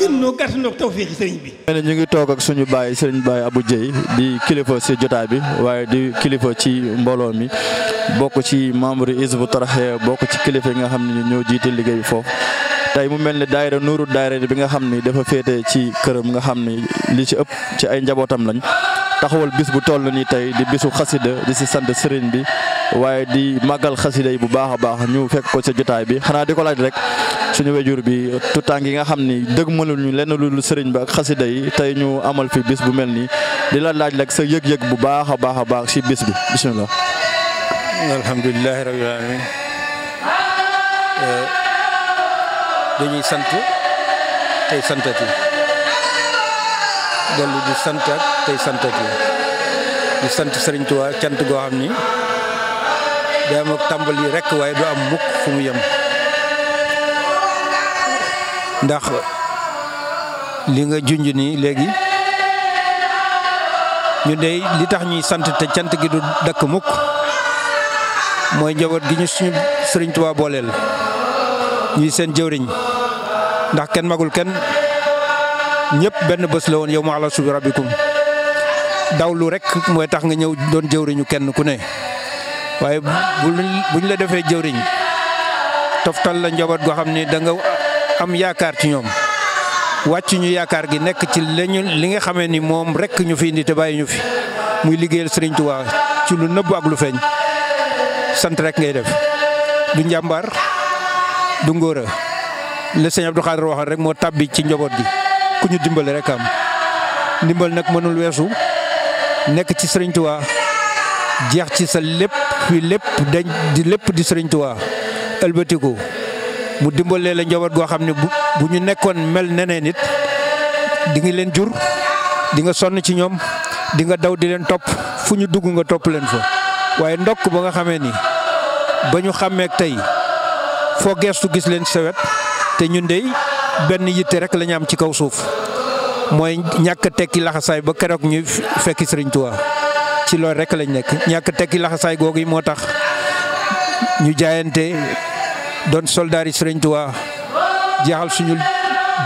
gën ñoo ñu ngi toog ak suñu baay sëriñ baay Abou Dieye di kilifa si jotaa bi waaye di kilifa ci mbooloo mi bokk ci membre Hizbut Tarqiyyah bokk ci kilifa yi nga xam ne ñoo jiite liggéey bi foofu. tey mu mel ni daayira nuuru daayira bi nga xam ni dafa féete ci këram nga xam ni li ci ëpp ci ay njabootam lañ taxawal bis bu toll nii tey di bisu xasida di si sant sëriñ bi. waaye di màggal xasida yi bu baax a baax ñu fekk ko sa jotaay bi xanaa di ko laaj rek suñu wejur bi tuttànk yi nga xam ni dëgg mënuñu lenn lu sëriñ ba ak xasida yi tey ñu amal fi bis bu mel nii di la laaj rek sa yëg-yëg bu baax a baax a baax si bis bi bisimilah. alhamdulilah rabbil alamin eh, dañuy sant tey santati dellu di santaat tey santati di sant Sëriñ Tuubaa cant goo xam ni. day am tàmbali rek waaye du am mukk fu mu yem ndax li nga junj nii léegi ñu dey li tax ñuy sant te cant gi du dakk mukk mooy njaboot gi ñu suñu sëriñ Tuubaa booleel ñuy seen jëwriñ ndax kenn magul kenn ñëpp benn bés la woon yow ma ala subi daw lu rek mooy tax nga ñëw doon jëwriñu kenn ku ne waaye buñ la defee jëwriñ toftal la njaboot goo xam ni danga am yaakaar ci ñoom wàcc ñu yaakaar gi nekk ci lañu li nga xamee ni moom rekk ñu fi indi te bàyyi ñu fi muy liggéeyal Sëriñ Tuubaa ci lu nëbb ak lu feeñ sant rek ngay def du njàmbaar du ngóora le sëñ Abdou Khadre waxoon rek moo tàbbi ci njaboot gi ku ñu dimbali rek am ndimbal nag mënul weesu nekk ci Sëriñ jeex ci sa lépp fii lépp dañ di lépp di sëriñ Tuubaa mu dimbalee la njaboot goo xam ne bu bu ñu nekkoon mel neneen nit di nga leen jur dinga sonn ci ñoom dinga daw di leen topp fu ñu dugg nga topp leen fa waaye ndokk ba nga xamee ni ba ñu xàmmeek tey foo geestu gis leen ci te ñun dey benn yitte rek lañu am ci kaw suuf mooy ñàkk tekki laxasaay ba keroog ñu fekki Sëriñ Tuubaa ci loolu rek lañ nekk ñàkk tekki laxasaay googu yi moo tax ñu jaayante doon soldaari Sëriñ Tuubaa jeexal suñu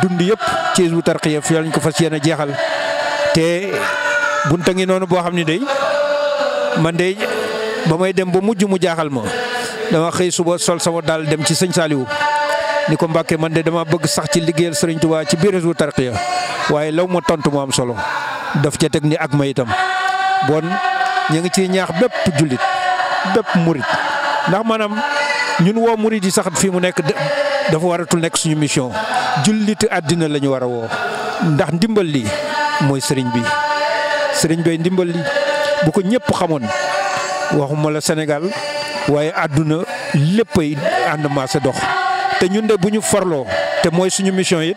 dumb yëpp ci Hizbut Tarqiyyah fi lañ ko fas yéene jeexal te bunta ngi noonu boo xam ne day man de ba may dem ba mujj mu jaaxal ma dama xëy suba sol sama daal dem ci sëñ Saliou ni ko Mbàkke man de dama bëgg sax ci liggéeyal Sëriñ Tuubaa ci biir Hizbut Tarqiyyah waaye law ma tontu mu am solo daf ca teg ni ak ma itam ñu ngi ci ñaax bépp jullit bépp murit ndax maanaam ñun woo murit yi sax fii mu nekk dafa waratul nekk suñu mission jullit àddina lañu ñu war a woo ndax ndimbal li mooy sëriñ bi sëriñ bay ndimbal li bu ko ñëpp xamoon waxuma la Sénégal waaye àdduna léppay ànd maase dox te ñun de bu ñu farloo te mooy suñu mission it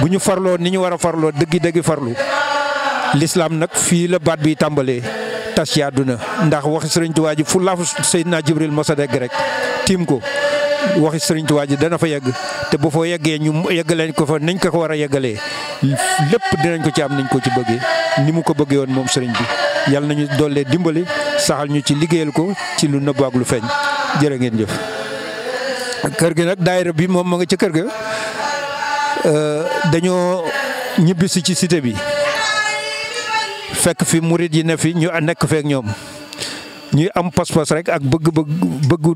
bu ñu farloo ni ñu war a farloo dëggi dëggi farlu lislaam nag fii la baat bi tàmbalee tas ci àdduna ndax waxi sëriñ Tuubaa ji fu laafu Seydina Jibril mosa dégg rek tiim ko waxi sëriñ Tuubaa ji dana fa yegg te bu foo yeggee ñu yeggaleen ko fa nañ ko ko war a yeggalee lépp dinañ ko ci am nañ ko ci bëggee ni mu ko bëggee woon moom sëriñ bi yàlla nañu dollee dimbali saxal ñu ci liggéeyal ko ci lu nëbb ak lu feeñ jërë ngeen jëf kër gi nag daayira bi moom mu nga ca kër ga dañoo ñibbisi ci cité bi fekk fi murit yi ne fi ñu nekk feek ñoom ñuy am pas-pas rek ak bëgg bëggu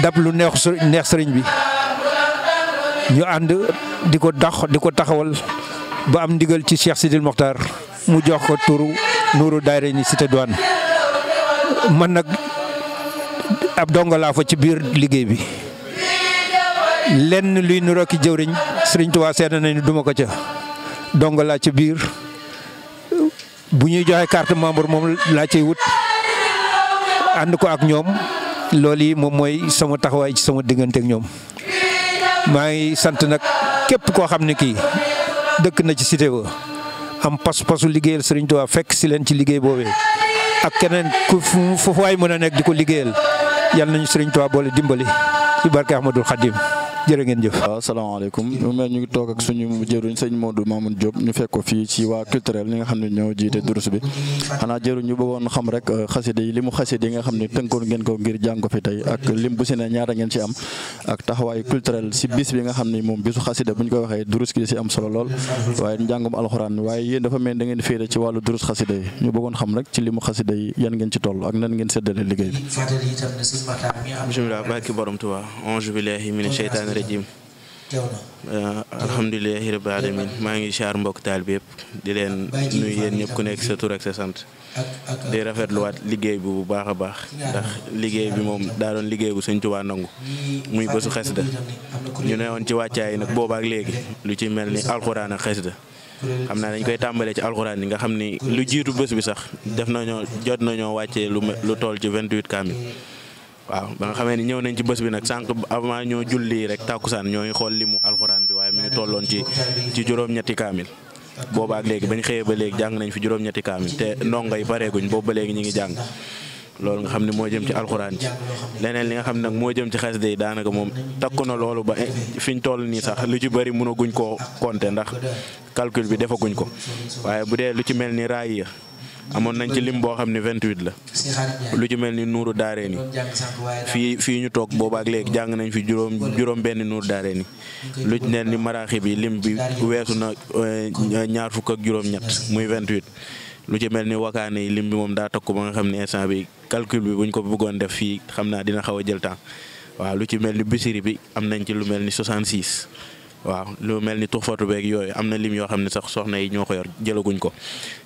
dab lu neex neex sëriñ bi ñu ànd di ko dax di ko taxawal ba am ndigal ci Cheikh Sidil Mokhtar mu jox ko turu nuuru daayira ni cité man nag ab dongo laa ci biir liggéey bi lenn luy nuroo ki jëwriñ sëriñtuwaa Tuubaa seet nañu duma ko ca dongo ci biir bu ñuy joxe carte membre moom laa cay wut ànd ko ak ñoom loolu yi moom mooy sama taxawaay ci sama diggante ak ñoom maa ngi sant nag képp koo xam ne kii dëkk na ci cité ba am pas-pasu liggéeyal Serigne Touba fekk si leen ci liggéey boobee ak keneen ku foofu waay mën a nekk di ko liggéeyal yal nañu Serigne Touba boole dimbali ci barke Ahmadul Xadim jërë ngeen jëf waaw salaamaaleykum mu mm-hmm. mel ñu ngi toog ak suñu jëruñ sëñ Modou Mamoun Diop ñu fekk ko fii ci waa culturel ñi nga xam ne ñoo jiite durus bi xanaa jëruñ ñu bëggoon xam rek li mu xaside xam ne tënkoon ngeen ko ngir jàng ko fi tey ak lim bu si ne ñaata ngeen ci am ak moom bisu xaside si am solo lool waaye njàngum alxuraan waaye yéen dafa da ngeen féere ci wàllu durus xaside yi ñu bëggoon xam rek ci limu xaside yi yan ngeen ci toll ak nan ngeen séddale liggéey bi rajim euh, alhamdulilahi rabbil maa ngi xaar mbokk taal bi yëpp di leen nuyu yéen ñëpp ku nekk sa tur ak sa sant di rafetluwaat liggéey bi bu baax a baax ndax liggéey bi moom daa doon liggéey bu Sëñ Tuubaa nangu muy bésu xasida ñu ne woon ci wàccaay yi nag boobaak léegi lu ci mel ni alxuraan ak xasida xam naa dañ koy tàmbalee ci alxuraan yi nga xam ni lu jiitu bés bi sax def nañu jot nañoo wàccee lu lu toll ci 28 kaamil waaw ba nga xamee ni ñëw nañ ci bés bi nag sànq avant ñoo julli rek tàkkusaan ñooy xool limu alxuraan bi waaye mu ngi tolloon ci ci juróom-ñetti kaamil booba ak léegi bañ xëyee ba léegi jàng nañ fi juróom-ñetti kaamil te ndongo yi pareeguñ boobu ba léegi ñu ngi jàng loolu nga xam ne moo jëm ci alxuraan ci leneen li nga xam nag moo jëm ci xasida yi daanaka moom takku na loolu ba eh, fi ñu toll nii sax lu ci bëri mënaguñ koo compter ndax calcul bi defaguñ ko amoon nañ ci lim boo xam ne vingt huit la lu ci mel ni nuuru daaree ni fii fii ñu toog boobaak léegi jàng nañ fi juróom juróom benni nuuru daaree ni lu ci mel ni maraaxi bi lim bi weesu na eh, ñaar fukk ak juróom ñett muy vingt huit lu ci mel ni wakaane yi lim bi moom daa takku ba nga xam ne instant bi calcul bi buñ ko bëggoon def fii xam naa dina xaw a jël temps waaw lu ci mel ni bisiri bi am nañ ci lu mel ni soixante six waaw lu mel ni tuxfatu beeg yooyu am na lim yoo xam ne sax soxna yi ñoo ko yor jëlaguñ ko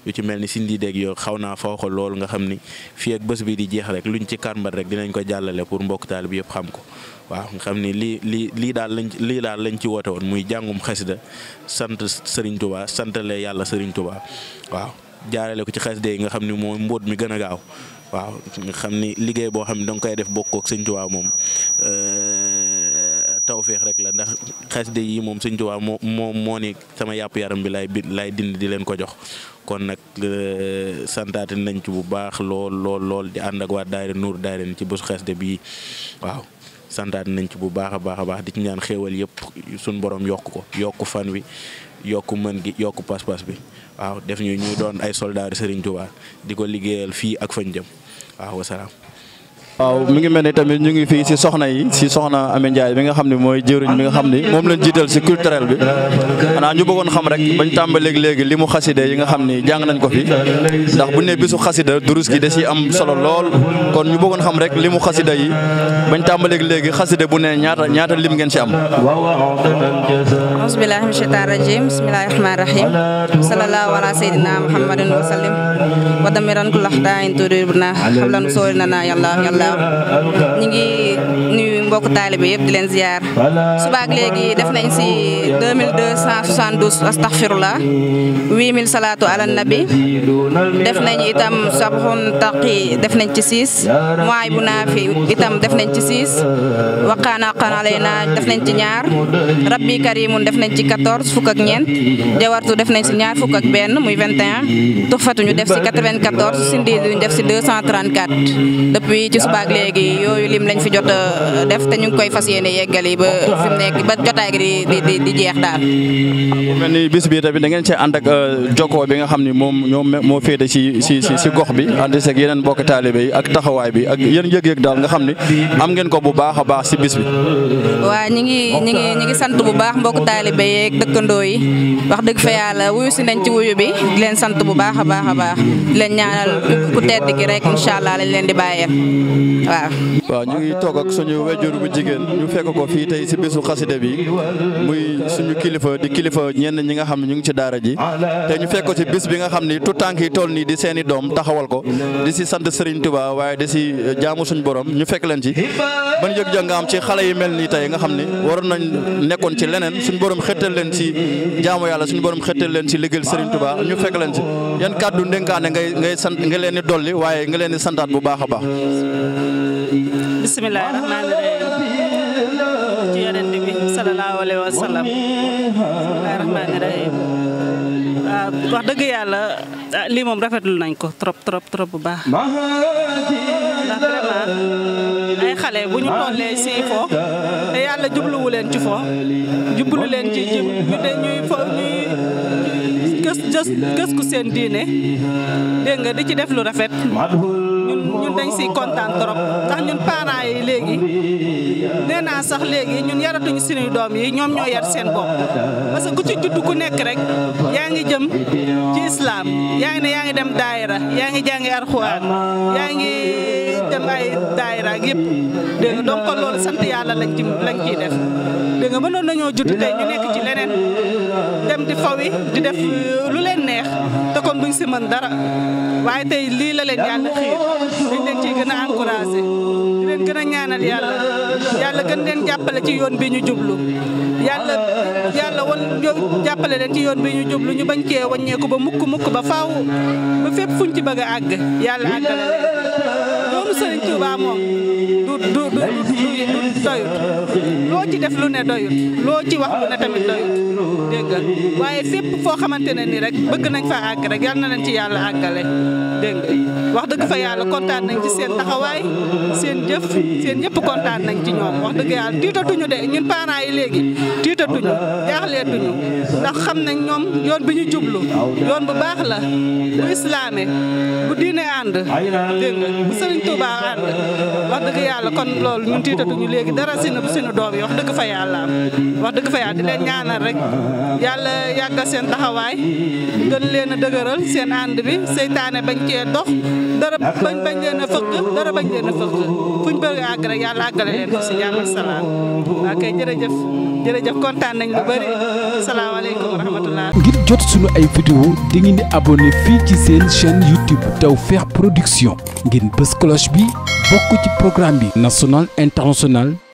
lu ci mel ni sindi deeg yoo xaw naa foo ko loolu nga xam ni fii ak bés bi di jeex rek luñ ci kàmbar rek dinañ ko jàllale pour mbokk taal bi yëpp xam ko waaw nga xam ni lii lii lii daal lañ lii daal lañ ci woote woon muy jàngum xasida sant Serigne Touba santale yàlla Serigne Touba waaw jaarale ko ci xasida yi nga xam ni mooy mbóot mi gën a gaaw waaw nga xam ni liggéey boo xam ne danga koy def bokk ak Serigne moom euh, tawféex rek la ndax xasida yi moom sëñ Tuubaa moo moo moo ni sama yàpp yaram bi lay bi lay dindi di leen ko jox kon nag euh, santaate nañ ci bu baax lool lool lool di ànd ak waa daayira Nuur daayira ci bésu xasida bii waaw santaat nañ ci bu baax a baax a baax di ci ñaan xéewal yëpp suñ borom yokk ko yokk fan wi yokk mën gi yokk pas-pas bi waaw def ñu ñuy doon ay soldaari Sëriñ Tuubaa di ko liggéeyal fii ak fañ jëm waaw wasalaam waaw mi ngi mel ni tamit ñu ngi fi si soxna yi si soxna Amy Ndiaye bi nga xam ne mooy jëriñ mi nga xam ne moom lañ jiital si culturel bi xanaa ñu bëggoon xam rek bañ tàmbaleeg léegi li mu xaside yi nga xam ne jàng nañ ko fi ndax bu ne bisu xasida durus gi da si am solo lool kon ñu bëggoon xam rek li mu xasida yi bañ tàmbaleeg léegi xaside bu ne ñaata ñaata lim ngeen ci am bismillahi min shaitan rajim bismillahi rahman rahim sallallahu ala sayyidina muhammadin wa sallim wa damiran kulax daayin turir na ñu ngi nuyu mbokku taalibe yëpp di leen ziar subaak léegi def nañ si 2272 astaghfirullah 8000 salaatu ala nabi def nañ itam sabxun taqi def nañ ci 6 moy bu naafi itam def nañ ci 6 waqaana qana layna def nañ ci ñaar rabbi karimun def nañ ci 14 fukk ak ñeent jawartu def nañ si ñaar fukk ak benn muy 21 tuxfatu ñu def si 94 sindi ñu def si 234 depuis ci subaak léegi yooyu lim lañ fi jot def def te ñu ngi koy fas yéene yeggali ba fi ba jotaay di jeex daal. mu ni bis bi tamit da ngeen cee ànd ak euh, jokkoo bi nga xam ni moom moo féete si si si gox bi ànd si ak yeneen mbokk taalibe yi ak taxawaay bi ak yéen yëg-yëg daal nga xam ni am ngeen ko bu baax a baax si bis bi. waa ñi ngi ñi ngi sant bu baax mbokk taalibe yeeg dëkkandoo yi wax dëgg fa yàlla wuyu si nañ ci wuyu bi leen sant bu baax a baax a baax di leen ñaanal ku tedd gi rek incha allah lañ leen di bàyyeel waaw. waaw ngi wéyjur bu jigéen ñu fekk ko fii tey si bésu xasida bi muy suñu kilifa di kilifa ñenn ñi nga xam ñu ngi ci daara ji te ñu fekk ko si bis bi nga xam ni tout tànk yi toll nii di seeni doom taxawal ko di si sant Serigne Touba waaye di si jaamu suñu borom ñu fekk leen ci ban yëg-yëg nga am ci xale yi mel nii xam ne waroon nañ nekkoon ci leneen suñu borom xettal leen si jaamu yàlla suñu borom xettal leen si liggéeyal Serigne Touba ñu fekk leen ci yan kàddu ndénkaane ngay sant nga leen bismillaahi rahmaani rahiim ci yonent bi salallaahu alayhi wa sallam bismillaahi rahmaani rahiim waaw wax dëgg yàlla ah, lii moom rafetlu nañ ko trop trop trop bu baax ndax vraiment ay xale bu ñu tollee si fo te yàlla jubluwu leen ci fo jublu leen ci ci ñu de ñuy fo ñuy gës gës gës ku seen diine dégg nga di ci def lu rafet ñun dañ siy kontaan trop ndax ñun parents yi léegi nee sax léegi ñun yaratuñu suñuy doom yi ñoom ñoo yar seen bopp parce que ku ci judd ku nekk rek yaa ngi jëm ci islam yaa ngi ne yaa ngi dem daayira yaa ngi jàngi arxuwaan yaa ngi dem ay daayira ak yëpp dégg nga donc loolu sant yàlla lañ ci lañ ciy def dégg nga mënoon nañoo judd tey ñu nekk ci leneen dem di fawi di def lu leen neex te kon duñ si mën dara waaye tey lii la leen yàlla xiir dañ leen ciy gën a encouragé yàlla yàlla gën leen jàppale ci yoon bi ñu jublu yàlla yàlla wan jàppale leen ci yoon bi ñu jublu ñu bañ cee wàññeeku ba mukk mukk ba faaw ba fépp fuñ ci bëgg yàlla àggale mbirum Serigne Touba moom du du du doyut loo ci def lu ne doyut loo ci wax lu ne tamit doyut dégg nga waaye fépp foo xamante ne ni rek bëgg nañ fa àgg rek yal na leen ci yàlla àggale dégg nga wax dëgg fa yàlla kontaan nañ ci seen taxawaay seen jëf seen ñëpp kontaan nañ ci ñoom wax dëgg yàlla tiitatuñu de ñun parents yi léegi tiitatuñu jaaxleetuñu ndax xam nañ ñoom yoon bi ñu jublu yoon bu baax la bu islaame bu diine ànd dégg baax ànd wax dëgg yàlla kon loolu ñun tiitatuñu léegi dara si na si doom yi wax dëgg fa yàlla wax dëgg fa yàlla di leen ñaanal rek yàlla yàggal seen taxawaay gën leen a dëgëral seen ànd bi seytaane bañ cee dox dara bañ bañ leen a fëkk dara bañ leen a fëkk fuñ bëgg àgg rek yàlla àggale leen ko si jàmm ak waa kay jërëjëf jërëjëf kontaan nañ salaamaaleykum wa rahmatulah. ngir jot suñu ay vidéo di ngeen di abonné fii ci seen chaîne YouTube Tawfekh Production ngeen bës cloche bi bokk ci programme bi national international.